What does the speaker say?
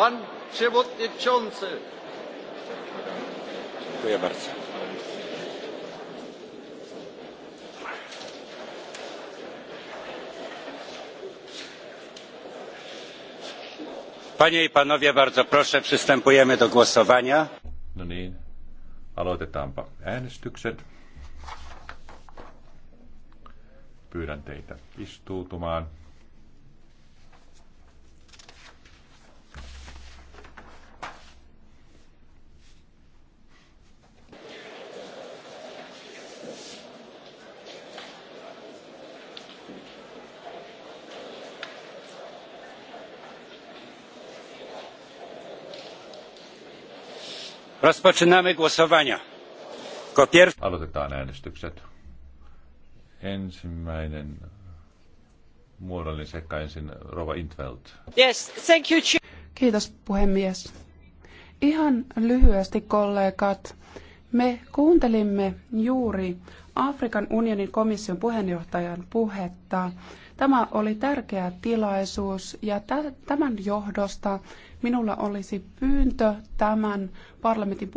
Pan przewodniczący. Dziękuję bardzo. Panie i panowie, bardzo proszę, przystępujemy do głosowania. No niin, aloitetaanpa äänestykset. Pyydän teitä istuutumaan. Rozpoczynamy głosowania. Kopier... Aloitetaan äänestykset. Ensimmäinen muodollinen sekä ensin Rova Intveld. Yes, thank you. Kiitos puhemies. Ihan lyhyesti kollegat. Me kuuntelimme juuri Afrikan unionin komission puheenjohtajan puhetta. Tämä oli tärkeä tilaisuus ja tämän johdosta minulla olisi pyyntö tämän parlamentin